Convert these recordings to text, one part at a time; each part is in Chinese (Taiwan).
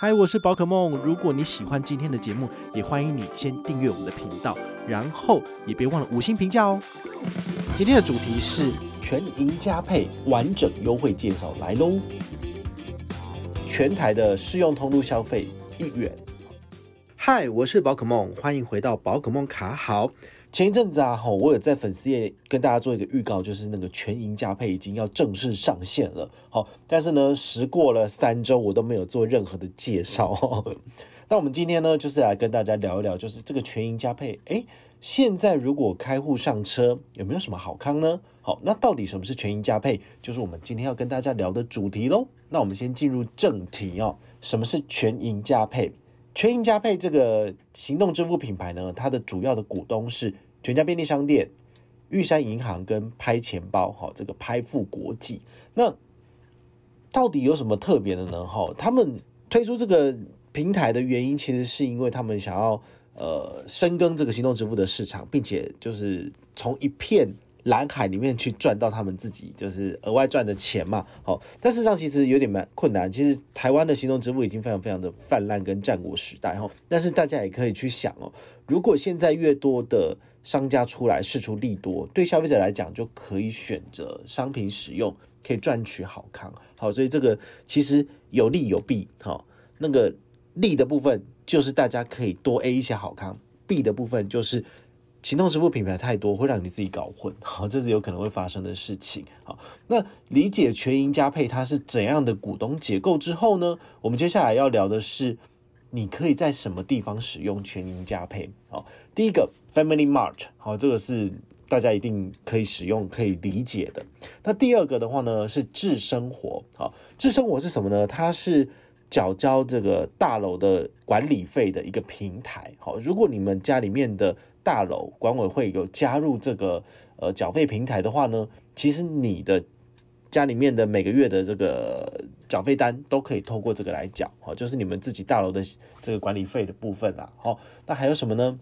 嗨，Hi, 我是寶可孟。如果你喜歡今天的節目，也歡迎你先訂閱我們的頻道，然後也別忘了五星評價哦。今天的主題是全盈 +PAY 完整優惠介紹，來嘍！全台的適用通路消費一元。嗨，我是寶可孟，歡迎回到寶可孟卡好。前一陣子啊，我有在粉絲頁跟大家做一個預告，就是那個全盈 +Pay 已經要正式上線了，好，但是呢，時過了三周，我都沒有做任何的介紹。那我們今天呢，就是來跟大家聊一聊，就是這個全盈 +Pay，哎、欸，現在如果開戶上車，有沒有什麼好康呢？好，那到底什麼是全盈 +Pay？就是我們今天要跟大家聊的主題嘍。那我們先進入正題哦，什麼是全盈 +Pay？全盈 +Pay 這個行動支付品牌呢，它的主要的股東是全家便利商店、玉山銀行跟拍錢包，哈，這個拍付國際。那到底有什麼特別的呢？哈，他們推出這個平台的原因，其實是因為他們想要呃深耕這個行動支付的市場，並且就是從一片。藍海裡面去賺到他們自己就是額外賺的錢嘛，好、哦，但事實上其實有點蠻困難。其實台灣的行動支付已經非常非常的泛濫跟戰國時代哈、哦，但是大家也可以去想哦，如果現在越多的商家出來釋出利多，對消費者來講就可以選擇商品使用，可以賺取好康，好、哦，所以這個其實有利有弊哈、哦。那個利的部分就是大家可以多 A 一些好康，弊的部分就是。行動支付品牌太多，會讓你自己搞混。好，這是有可能會發生的事情。好，那理解全盈 +Pay 它是怎樣的股東結構之後呢，我們接下來要聊的是，你可以在什麼地方使用全盈 +Pay？好，第一個 Family Mart，好，這個是大家一定可以使用、可以理解的。那第二個的話呢，是智生活。好，智生活是什麼呢？它是繳交這個大樓的管理費的一個平台。好，如果你們家裡面的大樓管委會有加入這個呃繳費平台的話呢，其實你的家裡面的每個月的這個繳費單都可以透過這個來繳，哈，就是你們自己大樓的這個管理費的部分啦，哈。那還有什麼呢？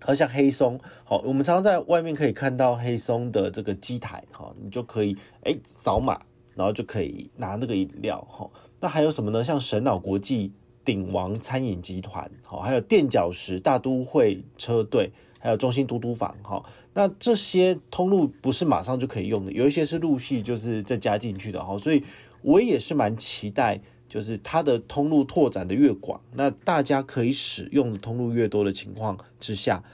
哈，像黑松，哈，我們常常在外面可以看到黑松的這個機台，哈，你就可以哎掃碼，然後就可以拿那個飲料，哈。那還有什麼呢？像神腦國際。鼎王餐飲集團，好，還有墊腳石大都會車隊，還有中心嘟嘟房，哈，那這些通路不是馬上就可以用的，有一些是陸續就是再加進去的，哈，所以我也是蠻期待，就是它的通路拓展的越廣，那大家可以使用的通路越多的情況之下，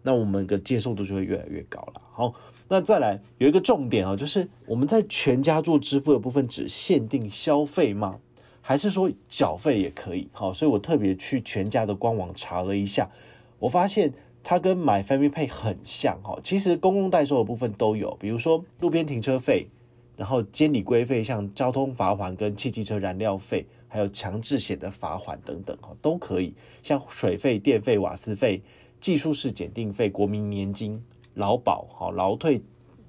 那我們的接受度就會越來越高了，好，那再來有一個重點啊，就是我們在全家做支付的部分只限定消費嗎？還是說繳費也可以，哦，所以我特別去全家的官網查了一下，我發現它跟 My Family Pay 很像，哈，哦，其實公共代收的部分都有，比如說路邊停車費，然後監理規費，像交通罰款跟汽機車燃料費，還有強制險的罰款等等，哈，哦，都可以，像水費、電費、瓦斯費、技術士檢定費、國民年金、勞保、好，哦，勞退，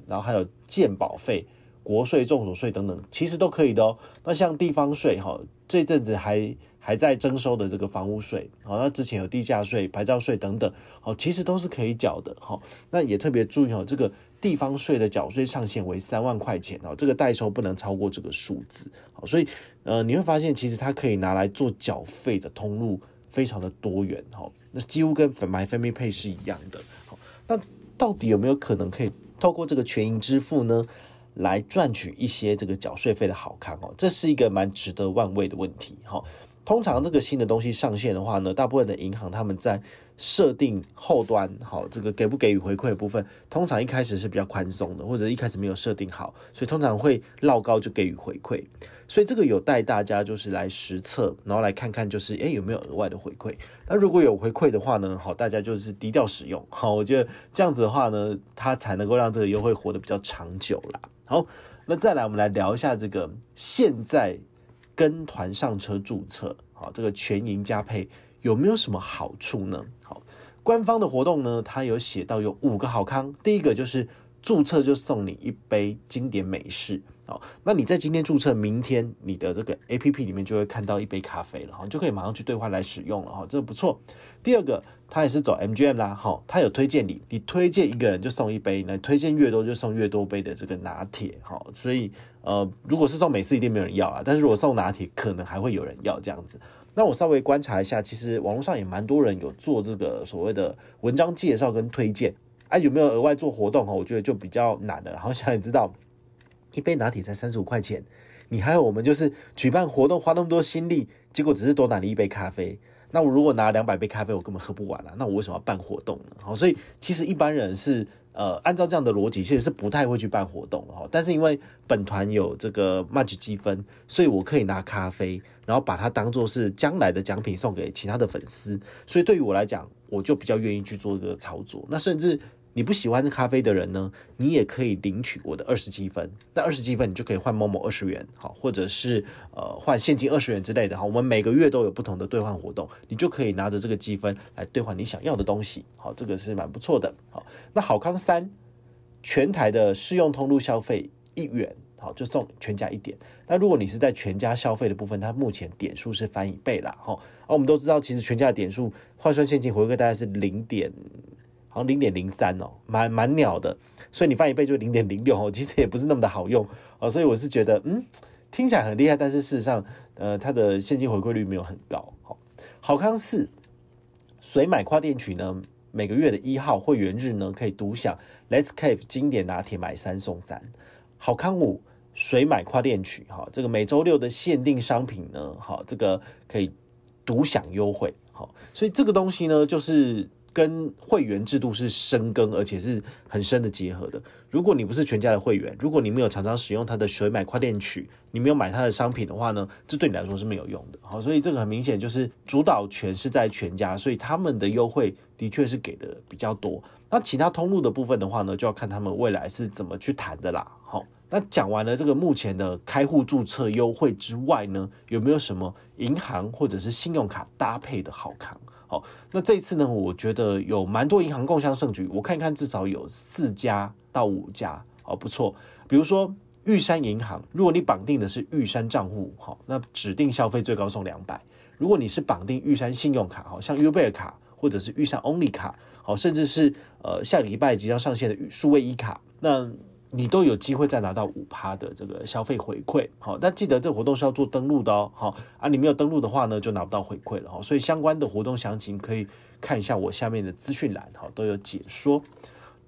然後還有健保費。國稅、綜所稅等等，其實都可以的哦、喔。那像地方稅，哈，這陣子還還在徵收的這個房屋稅，好、喔，像之前有地價稅、牌照稅等等，好、喔，其實都是可以繳的，哈、喔。那也特別注意哦、喔，這個地方稅的繳稅上限為三萬塊錢哦、喔，這個代收不能超過這個數字，好、喔，所以呃，你會發現其實它可以拿來做繳費的通路非常的多元，喔、那幾乎跟粉買分米配是一樣的，好、喔，那到底有沒有可能可以透過這個全盈支付呢？來賺取一些這個繳稅費的好康哦，這是一個蠻值得玩味的問題哈、哦。通常這個新的東西上線的話呢，大部分的銀行他們在。設定後端好，這個給不給予回饋的部分，通常一開始是比較寬鬆的，或者一開始沒有設定好，所以通常會繞高就給予回饋。所以這個有待大家就是來實測，然後來看看就是誒、欸、有沒有額外的回饋。那如果有回饋的話呢，好，大家就是低調使用。好，我覺得這樣子的話呢，它才能夠讓這個優惠活得比較長久啦。好，那再來我們來聊一下這個現在跟團上車註冊，好，這個全盈 +Pay。有沒有什麼好處呢？好，官方的活動呢，他有寫到有五個好康。第一個就是註冊就送你一杯經典美式，好，那你在今天註冊，明天你的這個 APP 裡面就會看到一杯咖啡了，哈，就可以馬上去兌換來使用了，哈，這個不錯。第二個，他也是走 MGM 啦，好，他有推薦你，你推薦一個人就送一杯，那你推薦越多就送越多杯的這個拿鐵，好，所以呃，如果是送美式一定沒有人要啊，但是如果送拿鐵可能還會有人要這樣子。那我稍微觀察一下，其實網絡上也蠻多人有做這個所謂的文章介紹跟推薦，哎、啊，有沒有額外做活動我覺得就比較難了。然後想也知道，一杯拿鐵才三十五塊錢，你還有我們就是舉辦活動花那麼多心力，結果只是多拿了一杯咖啡。那我如果拿兩百杯咖啡，我根本喝不完啊。那我為什麼要辦活動呢？好，所以其實一般人是。呃，按照這樣的邏輯，其實是不太會去辦活動的。哈。但是因為本團有這個麻吉積分，所以我可以拿咖啡，然後把它當做是將來的獎品送給其他的粉絲。所以對於我來講，我就比較願意去做一個操作。那甚至。你不喜歡咖啡的人呢，你也可以領取我的二十積分。那二十積分你就可以換某某二十元，好，或者是呃換現金二十元之類的。哈，我們每個月都有不同的兌換活動，你就可以拿着這個積分來兌換你想要的東西。好，這個是蠻不錯的。好，那好康三，全台的適用通路消費一元，好，就送全家一點。那如果你是在全家消費的部分，它目前點數是翻一倍啦。好，啊，我們都知道其實全家的點數換算現金回饋大概是零點。好像零點零三哦，蠻蠻鳥的，所以你翻一倍就零點零六哦，其實也不是那麼的好用哦，喔，所以我是覺得，嗯，聽起來很厲害，但是事實上，呃，它的現金回饋率沒有很高。好，好康四，隨買跨店取呢，每個月的一號會員日呢，可以獨享 Let's Café 經典拿鐵買三送三。好康五，隨買跨店取，哈，喔，這個每周六的限定商品呢，哈，喔，這個可以獨享優惠。好，喔，所以這個東西呢，就是。跟會員制度是深耕，而且是很深的結合的。如果你不是全家的會員，如果你沒有常常使用它的隨買跨店取，你沒有買它的商品的話呢，這對你來說是沒有用的。好，所以這個很明顯就是主導權是在全家，所以他們的優惠的確是給的比較多。那其他通路的部分的話呢，就要看他們未來是怎麼去談的啦。好，那講完了這個目前的開戶注冊優惠之外呢，有沒有什麼銀行或者是信用卡搭配的好康？好，那這一次呢，我覺得有蠻多銀行共襄盛舉，我看一看，至少有四家到五家，好，不錯。比如說玉山銀行，如果你綁定的是玉山賬戶，好，那指定消費最高送兩百；如果你是綁定玉山信用卡，好，像 Ubear 卡或者是玉山 Only 卡，好，甚至是呃下禮拜即將上線的數位一卡，那，你都有機會再拿到五趴的這個消費回饋，好、哦，但記得這個活動是要做登錄的哦，好、哦、啊，你沒有登錄的話呢，就拿不到回饋了哦。所以相關的活動詳情可以看一下我下面的資訊欄，哈、哦，都有解說。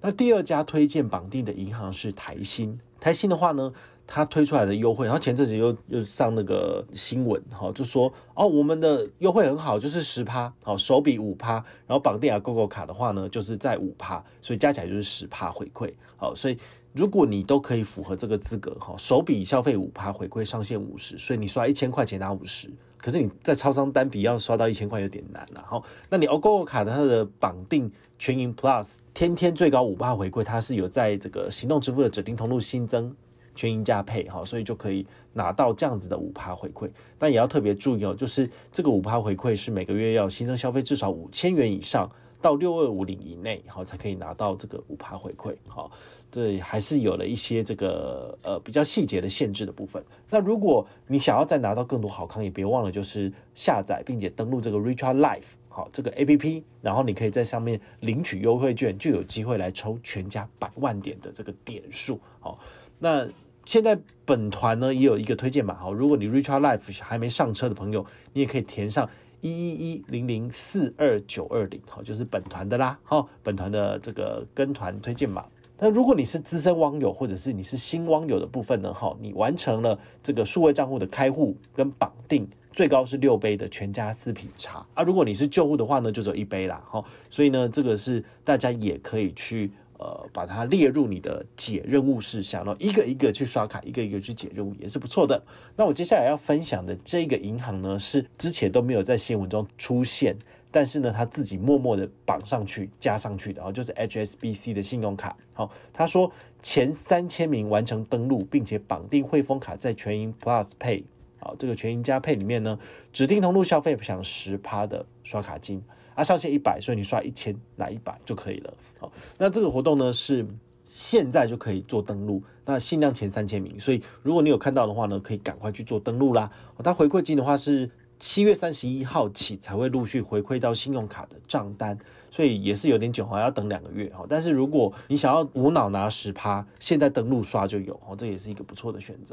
那第二家推薦綁定的銀行是台新，台新的話呢，它推出來的優惠，然後前陣子又又上那個新聞，哈、哦，就說哦，我們的優惠很好，就是十趴，好、哦、首筆五趴，然後綁定啊 GOGO 卡的話呢，就是在五趴，所以加起來就是十趴回饋，好、哦，所以。如果你都可以符合這個資格哈，首筆消費五趴回饋上限五十，所以你刷一千塊錢拿五十。可是你在超商單筆要刷到一千塊有點難了、啊、哈。那你 OGO 卡的它的綁定全盈 Plus 天天最高五趴回饋，它是有在這個行動支付的指定通路新增全盈 +Pay 哈，所以就可以拿到這樣子的五趴回饋。但也要特別注意哦，就是這個五趴回饋是每個月要新增消費至少五千元以上，到六二五零以內，好、哦、才可以拿到這個五趴回饋，好、哦，這還是有了一些這個呃比較細節的限制的部分。那如果你想要再拿到更多好康，也別忘了就是下載並且登錄這個 Richart Life 好、哦、這個 A P P，然後你可以在上面領取優惠券，就有機會來抽全家百萬點的這個點數。好、哦，那現在本團呢也有一個推薦碼，好、哦，如果你 Richart Life 還沒上車的朋友，你也可以填上。一一一零零四二九二零，好、哦，就是本團的啦，好、哦，本團的這個跟團推薦碼。那如果你是資深網友或者是你是新網友的部分呢，好、哦，你完成了這個數位賬戶的開戶跟綁定，最高是六杯的全家四品茶啊。如果你是舊戶的話呢，就只有一杯啦，好、哦，所以呢，這個是大家也可以去。呃，把它列入你的解任務事項，然後一個一個去刷卡，一個一個去解任務也是不錯的。那我接下來要分享的這個銀行呢，是之前都沒有在新聞中出現，但是呢，他自己默默的綁上去、加上去的哦，就是 HSBC 的信用卡。好、哦，他說前三千名完成登錄，並且綁定汇豐卡在全盈 Plus Pay 好、哦，這個全盈加配裡面呢，指定通路消費享十趴的刷卡金。啊，上限一百，所以你刷一千拿一百就可以了。好，那這個活動呢，是現在就可以做登錄，那限量前三千名，所以如果你有看到的話呢，可以趕快去做登錄啦。它、哦、回饋金的話是七月三十一號起才會陸續回饋到信用卡的賬單，所以也是有點久哈，要等兩個月哈、哦。但是如果你想要無腦拿十趴，現在登錄刷就有哦，這也是一個不錯的選擇。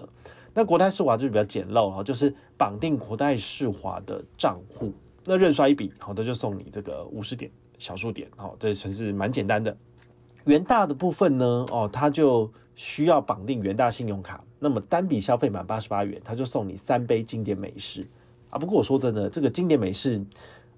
那國泰世華就是比較簡陋啊、哦，就是綁定國泰世華的賬戶。那任刷一筆，好，的，就送你這個五十點小樹點，好、哦，這算是蠻簡單的。元大的部分呢，哦，他就需要綁定元大信用卡，那麼單筆消費滿八十八元，他就送你三杯經典美式啊。不過我說真的，這個經典美式，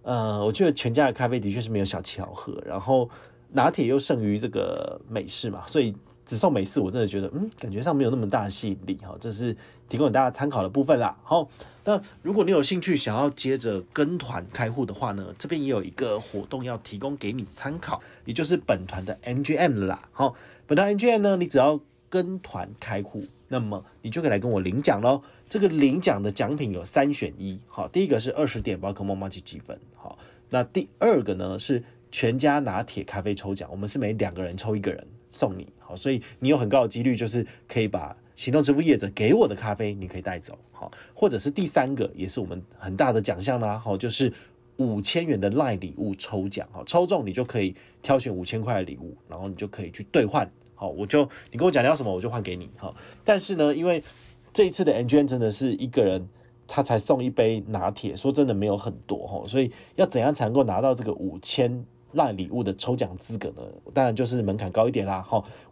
呃，我覺得全家的咖啡的確是沒有小七好喝，然後拿鐵又勝於這個美式嘛，所以只送美式，我真的覺得，嗯，感覺上沒有那麼大的吸引力，哈、哦，這是。提供給大家參考的部分啦。好，那如果你有興趣想要接着跟團開戶的話呢，這邊也有一個活動要提供給你參考，也就是本團的 MGM 啦。好，本團 MGM 呢，你只要跟團開戶，那麼你就可以來跟我領獎嘍。這個領獎的獎品有三選一。好，第一個是二十點寶可孟麻吉積分。好，那第二個呢是全家拿鐵咖啡抽獎，我們是每兩個人抽一個人送你。好，所以你有很高的幾率就是可以把。行動支付業者給我的咖啡，你可以帶走，或者是第三個，也是我們很大的獎項啦，好，就是五千元的 LINE 禮物抽獎，抽中你就可以挑選五千塊的禮物，然後你就可以去兌換，好，我就你跟我講你要什麼，我就換給你，哈。但是呢，因為這一次的 MGM 真的是一個人他才送一杯拿鐵，說真的沒有很多，哈，所以要怎樣才能夠拿到這個五千 LINE 禮物的抽獎資格呢？當然就是門檻高一點啦，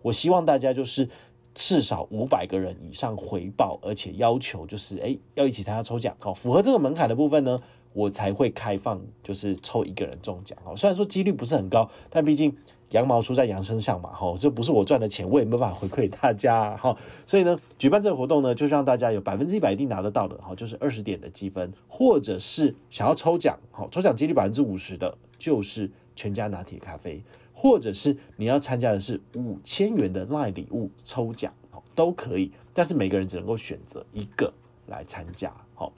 我希望大家就是。至少五百個人以上回報，而且要求就是，哎、欸，要一起參加抽獎，好、哦，符合這個門檻的部分呢，我才會開放，就是抽一個人中獎，好、哦，雖然說幾率不是很高，但畢竟羊毛出在羊身上嘛，哈、哦，這不是我賺的錢，我也沒辦法回饋大家、哦，所以呢，舉辦這個活動呢，就讓大家有百分之一百一定拿得到的，哈、哦，就是二十點的積分，或者是想要抽獎，好、哦，抽獎幾率百分之五十的，就是全家拿鐵咖啡。或者是你要參加的是五千元的 LINE 禮物抽獎，都可以，但是每個人只能夠選擇一個來參加。好，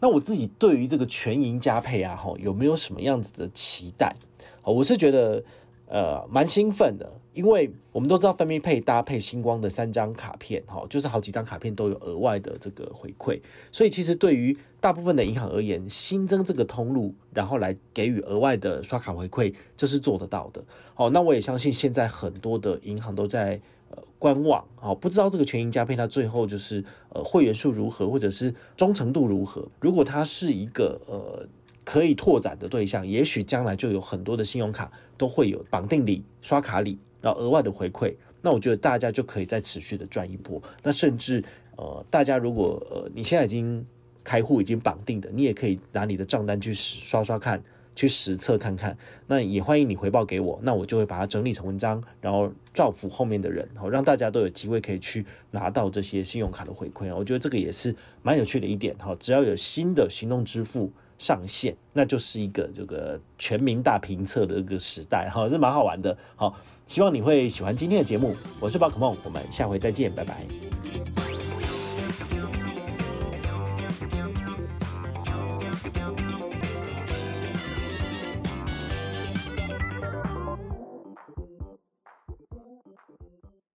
那我自己對於這個全盈 +PAY 啊，哈，有沒有什麼樣子的期待？我是覺得。呃，蠻興奮的，因為我們都知道 Famipay 搭配星光的三張卡片，哈、哦，就是好幾張卡片都有額外的這個回饋，所以其實對於大部分的銀行而言，新增這個通路，然後來給予額外的刷卡回饋，這、就是做得到的。哦，那我也相信現在很多的銀行都在呃觀望，哦，不知道這個全盈 +PAY 它最後就是呃會員數如何，或者是忠誠度如何。如果它是一個呃。可以拓展的對象，也許將來就有很多的信用卡都會有綁定禮、刷卡禮，然後額外的回饋。那我覺得大家就可以再持續的賺一波。那甚至呃，大家如果呃你現在已經開戶、已經綁定的，你也可以拿你的賬單去刷刷看，去實測看看。那也歡迎你回報給我，那我就會把它整理成文章，然後造福後面的人，好，哦，讓大家都有機會可以去拿到這些信用卡的回饋。哦，我覺得這個也是蠻有趣的一點，哈，哦，只要有新的行動支付。上線，那就是一個這個全民大評測的一個時代哈，是蠻好玩的。好，希望你會喜歡今天的節目，我是寶可孟，我們下回再見，拜拜。